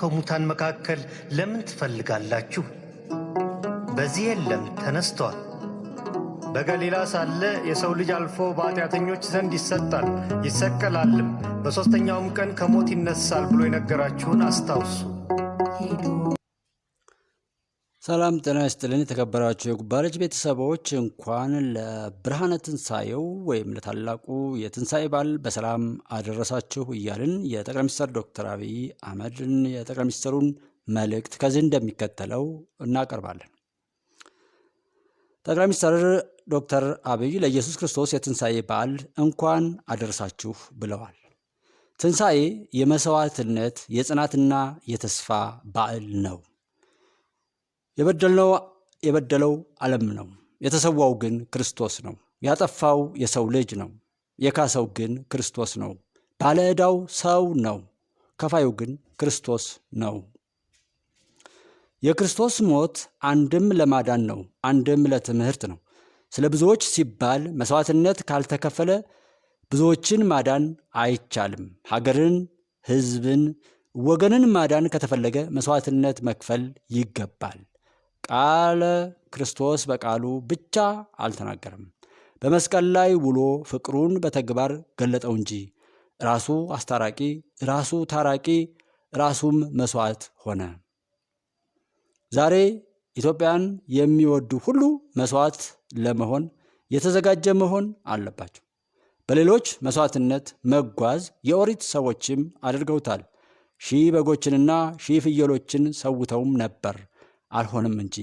ከሙታን መካከል ለምን ትፈልጋላችሁ? በዚህ የለም ተነስተዋል። በገሊላ ሳለ የሰው ልጅ አልፎ በኃጢአተኞች ዘንድ ይሰጣል፣ ይሰቀላልም፣ በሦስተኛውም ቀን ከሞት ይነሳል ብሎ የነገራችሁን አስታውሱ። ሰላም ጤና ይስጥልን የተከበራችሁ የጉባለች ቤተሰቦች እንኳን ለብርሃነ ትንሣኤው ወይም ለታላቁ የትንሣኤ በዓል በሰላም አደረሳችሁ እያልን የጠቅላይ ሚኒስትር ዶክተር አብይ አህመድን የጠቅላይ ሚኒስትሩን መልእክት ከዚህ እንደሚከተለው እናቀርባለን። ጠቅላይ ሚኒስትር ዶክተር አብይ ለኢየሱስ ክርስቶስ የትንሣኤ በዓል እንኳን አደረሳችሁ ብለዋል። ትንሣኤ የመሥዋዕትነት የጽናትና የተስፋ በዓል ነው። የበደለው የበደለው ዓለም ነው፣ የተሰዋው ግን ክርስቶስ ነው። ያጠፋው የሰው ልጅ ነው፣ የካሰው ግን ክርስቶስ ነው። ባለ ዕዳው ሰው ነው፣ ከፋዩ ግን ክርስቶስ ነው። የክርስቶስ ሞት አንድም ለማዳን ነው፣ አንድም ለትምህርት ነው። ስለ ብዙዎች ሲባል መሥዋዕትነት ካልተከፈለ ብዙዎችን ማዳን አይቻልም። ሀገርን፣ ሕዝብን፣ ወገንን ማዳን ከተፈለገ መሥዋዕትነት መክፈል ይገባል። ቃለ ክርስቶስ በቃሉ ብቻ አልተናገረም። በመስቀል ላይ ውሎ ፍቅሩን በተግባር ገለጠው እንጂ ራሱ አስታራቂ፣ ራሱ ታራቂ፣ ራሱም መስዋዕት ሆነ። ዛሬ ኢትዮጵያን የሚወዱ ሁሉ መስዋዕት ለመሆን የተዘጋጀ መሆን አለባቸው። በሌሎች መስዋዕትነት መጓዝ የኦሪት ሰዎችም አድርገውታል። ሺህ በጎችንና ሺህ ፍየሎችን ሰውተውም ነበር። አልሆንም እንጂ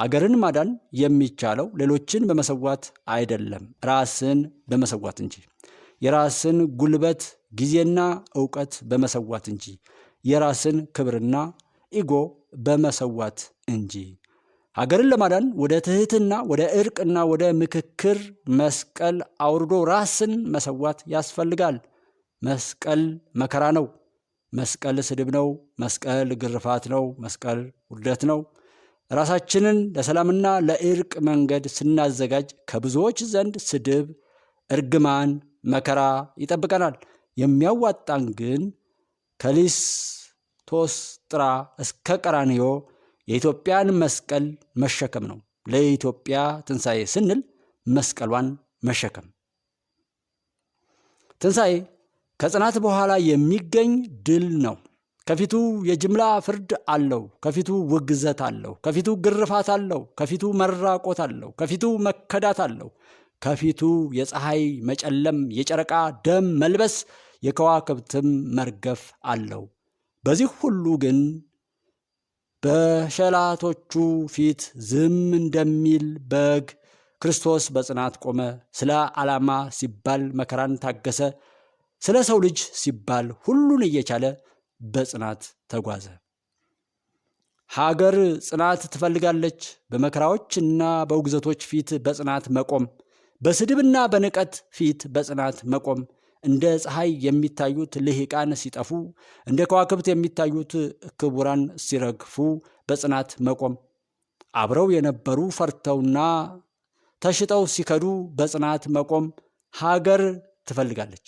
ሀገርን ማዳን የሚቻለው ሌሎችን በመሰዋት አይደለም፣ ራስን በመሰዋት እንጂ የራስን ጉልበት ጊዜና እውቀት በመሰዋት እንጂ የራስን ክብርና ኢጎ በመሰዋት እንጂ። ሀገርን ለማዳን ወደ ትህትና፣ ወደ እርቅና ወደ ምክክር መስቀል አውርዶ ራስን መሰዋት ያስፈልጋል። መስቀል መከራ ነው። መስቀል ስድብ ነው። መስቀል ግርፋት ነው። መስቀል ውርደት ነው። ራሳችንን ለሰላምና ለእርቅ መንገድ ስናዘጋጅ ከብዙዎች ዘንድ ስድብ፣ እርግማን፣ መከራ ይጠብቀናል። የሚያዋጣን ግን ጥራ እስከ ቀራንዮ የኢትዮጵያን መስቀል መሸከም ነው። ለኢትዮጵያ ትንሣኤ ስንል መስቀሏን መሸከም ትንሣኤ ከጽናት በኋላ የሚገኝ ድል ነው። ከፊቱ የጅምላ ፍርድ አለው። ከፊቱ ውግዘት አለው። ከፊቱ ግርፋት አለው። ከፊቱ መራቆት አለው። ከፊቱ መከዳት አለው። ከፊቱ የፀሐይ መጨለም፣ የጨረቃ ደም መልበስ፣ የከዋክብትም መርገፍ አለው። በዚህ ሁሉ ግን በሸላቶቹ ፊት ዝም እንደሚል በግ ክርስቶስ በጽናት ቆመ። ስለ ዓላማ ሲባል መከራን ታገሰ። ስለ ሰው ልጅ ሲባል ሁሉን እየቻለ በጽናት ተጓዘ። ሀገር ጽናት ትፈልጋለች። በመከራዎችና በውግዘቶች ፊት በጽናት መቆም፣ በስድብና በንቀት ፊት በጽናት መቆም እንደ ፀሐይ የሚታዩት ልሂቃን ሲጠፉ፣ እንደ ከዋክብት የሚታዩት ክቡራን ሲረግፉ በጽናት መቆም አብረው የነበሩ ፈርተውና ተሽጠው ሲከዱ በጽናት መቆም ሀገር ትፈልጋለች።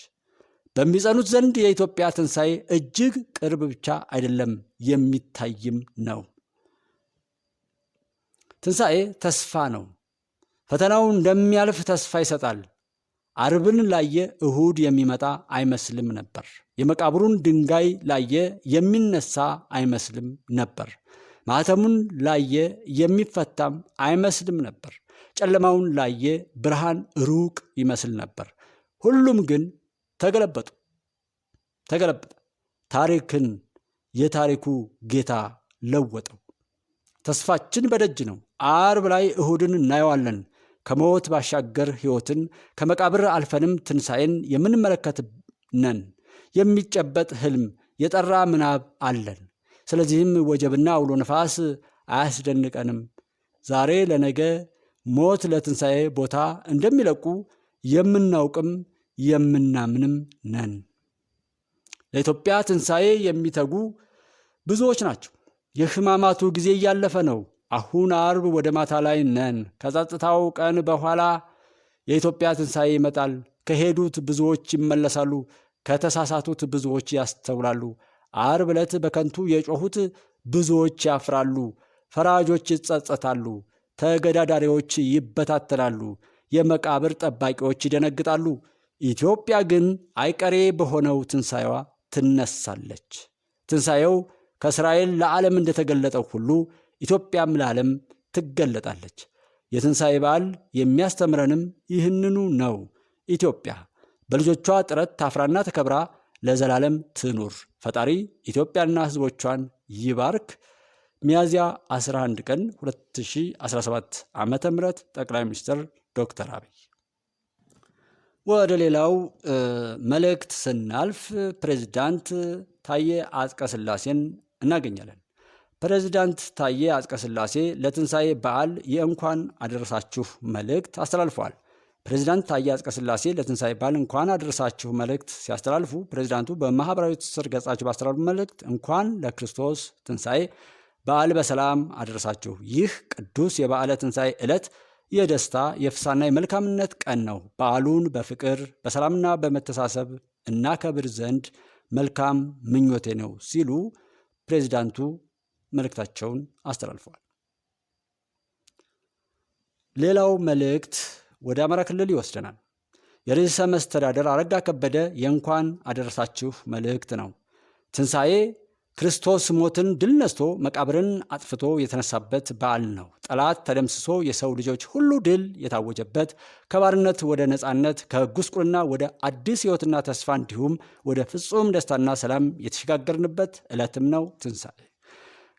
በሚጸኑት ዘንድ የኢትዮጵያ ትንሣኤ እጅግ ቅርብ ብቻ አይደለም፣ የሚታይም ነው። ትንሣኤ ተስፋ ነው። ፈተናው እንደሚያልፍ ተስፋ ይሰጣል። አርብን ላየ እሁድ የሚመጣ አይመስልም ነበር። የመቃብሩን ድንጋይ ላየ የሚነሳ አይመስልም ነበር። ማኅተሙን ላየ የሚፈታም አይመስልም ነበር። ጨለማውን ላየ ብርሃን ሩቅ ይመስል ነበር። ሁሉም ግን ተገለበጡ ተገለበጠ። ታሪክን የታሪኩ ጌታ ለወጠው። ተስፋችን በደጅ ነው። አርብ ላይ እሁድን እናየዋለን። ከሞት ባሻገር ሕይወትን ከመቃብር አልፈንም ትንሣኤን የምንመለከት ነን። የሚጨበጥ ሕልም የጠራ ምናብ አለን። ስለዚህም ወጀብና አውሎ ነፋስ አያስደንቀንም። ዛሬ ለነገ ሞት ለትንሣኤ ቦታ እንደሚለቁ የምናውቅም የምናምንም ነን። ለኢትዮጵያ ትንሣኤ የሚተጉ ብዙዎች ናቸው። የሕማማቱ ጊዜ እያለፈ ነው። አሁን አርብ ወደ ማታ ላይ ነን። ከጸጥታው ቀን በኋላ የኢትዮጵያ ትንሣኤ ይመጣል። ከሄዱት ብዙዎች ይመለሳሉ፣ ከተሳሳቱት ብዙዎች ያስተውላሉ። አርብ ዕለት በከንቱ የጮኹት ብዙዎች ያፍራሉ፣ ፈራጆች ይጸጸታሉ፣ ተገዳዳሪዎች ይበታተናሉ፣ የመቃብር ጠባቂዎች ይደነግጣሉ። ኢትዮጵያ ግን አይቀሬ በሆነው ትንሣኤዋ ትነሳለች። ትንሣኤው ከእስራኤል ለዓለም እንደተገለጠው ሁሉ ኢትዮጵያም ለዓለም ትገለጣለች። የትንሣኤ በዓል የሚያስተምረንም ይህንኑ ነው። ኢትዮጵያ በልጆቿ ጥረት ታፍራና ተከብራ ለዘላለም ትኑር። ፈጣሪ ኢትዮጵያና ሕዝቦቿን ይባርክ። ሚያዝያ 11 ቀን 2017 ዓ ም ጠቅላይ ሚኒስትር ዶክተር አብይ ወደ ሌላው መልእክት ስናልፍ ፕሬዚዳንት ታዬ አጽቀሥላሴን እናገኛለን። ፕሬዚዳንት ታዬ አጽቀሥላሴ ለትንሣኤ በዓል የእንኳን አደረሳችሁ መልእክት አስተላልፈዋል። ፕሬዚዳንት ታዬ አጽቀሥላሴ ለትንሣኤ በዓል እንኳን አደረሳችሁ መልእክት ሲያስተላልፉ ፕሬዚዳንቱ በማኅበራዊ ትስስር ገጻቸው ባስተላልፉ መልእክት እንኳን ለክርስቶስ ትንሣኤ በዓል በሰላም አደረሳችሁ። ይህ ቅዱስ የበዓለ ትንሣኤ ዕለት የደስታ የፍሳና የመልካምነት ቀን ነው። በዓሉን በፍቅር በሰላምና በመተሳሰብ እናከብር ዘንድ መልካም ምኞቴ ነው ሲሉ ፕሬዚዳንቱ መልእክታቸውን አስተላልፈዋል። ሌላው መልእክት ወደ አማራ ክልል ይወስደናል። የርዕሰ መስተዳደር አረጋ ከበደ የእንኳን አደረሳችሁ መልእክት ነው። ትንሣኤ ክርስቶስ ሞትን ድል ነስቶ መቃብርን አጥፍቶ የተነሳበት በዓል ነው። ጠላት ተደምስሶ የሰው ልጆች ሁሉ ድል የታወጀበት ከባርነት ወደ ነፃነት፣ ከጉስቁልና ወደ አዲስ ሕይወትና ተስፋ እንዲሁም ወደ ፍጹም ደስታና ሰላም የተሸጋገርንበት ዕለትም ነው ትንሣኤ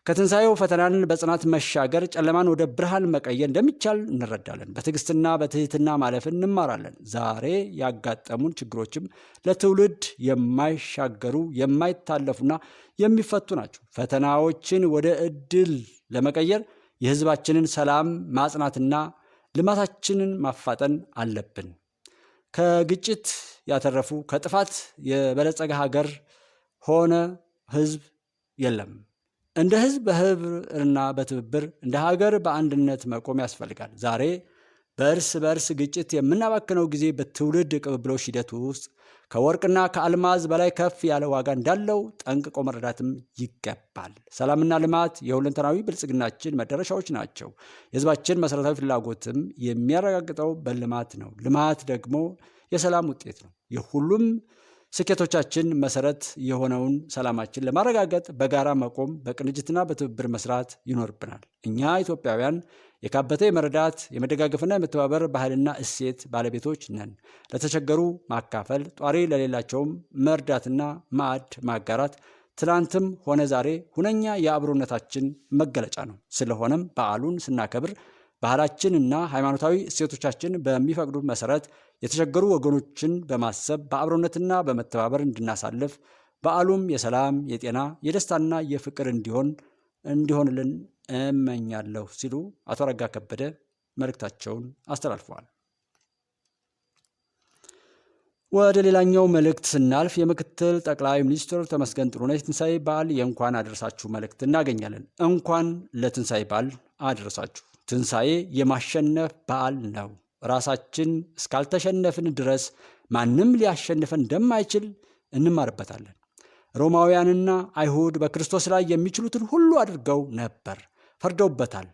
ከትንሣኤው ፈተናን በጽናት መሻገር፣ ጨለማን ወደ ብርሃን መቀየር እንደሚቻል እንረዳለን። በትዕግስትና በትህትና ማለፍ እንማራለን። ዛሬ ያጋጠሙን ችግሮችም ለትውልድ የማይሻገሩ የማይታለፉና የሚፈቱ ናቸው። ፈተናዎችን ወደ ዕድል ለመቀየር የሕዝባችንን ሰላም ማጽናትና ልማታችንን ማፋጠን አለብን። ከግጭት ያተረፉ ከጥፋት የበለጸገ ሀገር ሆነ ህዝብ የለም። እንደ ህዝብ በህብርና በትብብር እንደ ሀገር በአንድነት መቆም ያስፈልጋል። ዛሬ በእርስ በእርስ ግጭት የምናባክነው ጊዜ በትውልድ ቅብብሎች ሂደት ውስጥ ከወርቅና ከአልማዝ በላይ ከፍ ያለ ዋጋ እንዳለው ጠንቅቆ መረዳትም ይገባል። ሰላምና ልማት የሁለንተናዊ ብልጽግናችን መዳረሻዎች ናቸው። የህዝባችን መሠረታዊ ፍላጎትም የሚያረጋግጠው በልማት ነው። ልማት ደግሞ የሰላም ውጤት ነው። የሁሉም ስኬቶቻችን መሰረት የሆነውን ሰላማችን ለማረጋገጥ በጋራ መቆም፣ በቅንጅትና በትብብር መስራት ይኖርብናል። እኛ ኢትዮጵያውያን የካበተ የመረዳት የመደጋገፍና የመተባበር ባህልና እሴት ባለቤቶች ነን። ለተቸገሩ ማካፈል፣ ጧሪ ለሌላቸውም መርዳትና ማዕድ ማጋራት ትናንትም ሆነ ዛሬ ሁነኛ የአብሮነታችን መገለጫ ነው። ስለሆነም በዓሉን ስናከብር ባህላችንና ሃይማኖታዊ እሴቶቻችን በሚፈቅዱ መሰረት የተቸገሩ ወገኖችን በማሰብ በአብሮነትና በመተባበር እንድናሳልፍ በዓሉም የሰላም፣ የጤና፣ የደስታና የፍቅር እንዲሆን እንዲሆንልን እመኛለሁ ሲሉ አቶ አረጋ ከበደ መልእክታቸውን አስተላልፈዋል። ወደ ሌላኛው መልእክት ስናልፍ የምክትል ጠቅላይ ሚኒስትር ተመስገን ጥሩነህ የትንሣኤ በዓል የእንኳን አደረሳችሁ መልእክት እናገኛለን። እንኳን ለትንሣኤ በዓል አደረሳችሁ። ትንሣኤ የማሸነፍ በዓል ነው። ራሳችን እስካልተሸነፍን ድረስ ማንም ሊያሸንፈን እንደማይችል እንማርበታለን። ሮማውያንና አይሁድ በክርስቶስ ላይ የሚችሉትን ሁሉ አድርገው ነበር። ፈርደውበታል፣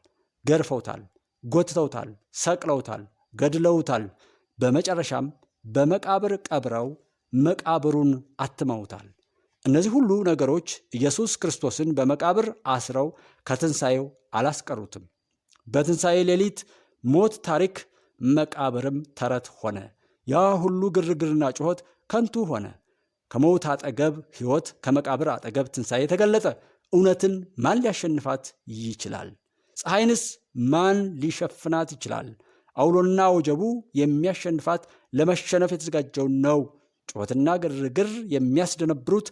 ገርፈውታል፣ ጎትተውታል፣ ሰቅለውታል፣ ገድለውታል። በመጨረሻም በመቃብር ቀብረው መቃብሩን አትመውታል። እነዚህ ሁሉ ነገሮች ኢየሱስ ክርስቶስን በመቃብር አስረው ከትንሣኤው አላስቀሩትም። በትንሣኤ ሌሊት ሞት ታሪክ መቃብርም ተረት ሆነ። ያ ሁሉ ግርግርና ጩኸት ከንቱ ሆነ። ከሞት አጠገብ ሕይወት፣ ከመቃብር አጠገብ ትንሣኤ ተገለጠ። እውነትን ማን ሊያሸንፋት ይችላል? ፀሐይንስ ማን ሊሸፍናት ይችላል? አውሎና ወጀቡ የሚያሸንፋት ለመሸነፍ የተዘጋጀው ነው። ጩኸትና ግርግር የሚያስደነብሩት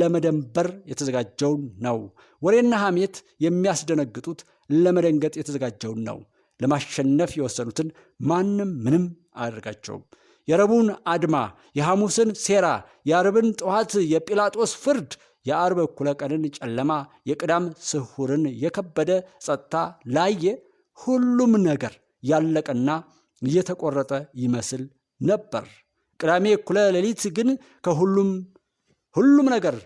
ለመደንበር የተዘጋጀው ነው። ወሬና ሐሜት የሚያስደነግጡት ለመደንገጥ የተዘጋጀውን ነው። ለማሸነፍ የወሰኑትን ማንም ምንም አያደርጋቸውም። የረቡን አድማ፣ የሐሙስን ሴራ፣ የአርብን ጠዋት የጲላጦስ ፍርድ፣ የአርብ እኩለ ቀንን ጨለማ፣ የቅዳም ስሁርን የከበደ ጸጥታ ላየ ሁሉም ነገር ያለቀና እየተቆረጠ ይመስል ነበር። ቅዳሜ እኩለ ሌሊት ግን ከሁሉም ሁሉም ነገር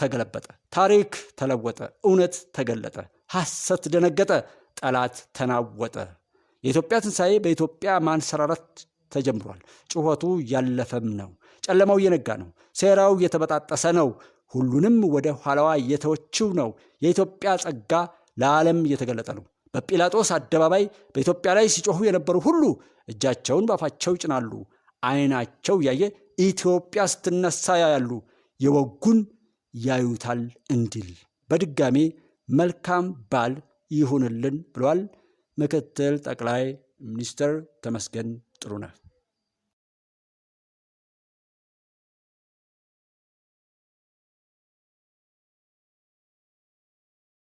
ተገለበጠ። ታሪክ ተለወጠ። እውነት ተገለጠ። ሐሰት ደነገጠ፣ ጠላት ተናወጠ። የኢትዮጵያ ትንሣኤ በኢትዮጵያ ማንሰራራት ተጀምሯል። ጩኸቱ ያለፈም ነው። ጨለማው እየነጋ ነው። ሴራው እየተበጣጠሰ ነው። ሁሉንም ወደ ኋላዋ እየተወችው ነው። የኢትዮጵያ ጸጋ ለዓለም እየተገለጠ ነው። በጲላጦስ አደባባይ በኢትዮጵያ ላይ ሲጮኹ የነበሩ ሁሉ እጃቸውን ባፋቸው ይጭናሉ። ዓይናቸው እያየ ኢትዮጵያ ስትነሳ ያያሉ። የወጉን ያዩታል እንዲል በድጋሜ መልካም ባል ይሁንልን ብሏል ምክትል ጠቅላይ ሚኒስትር ተመስገን ጥሩነህ።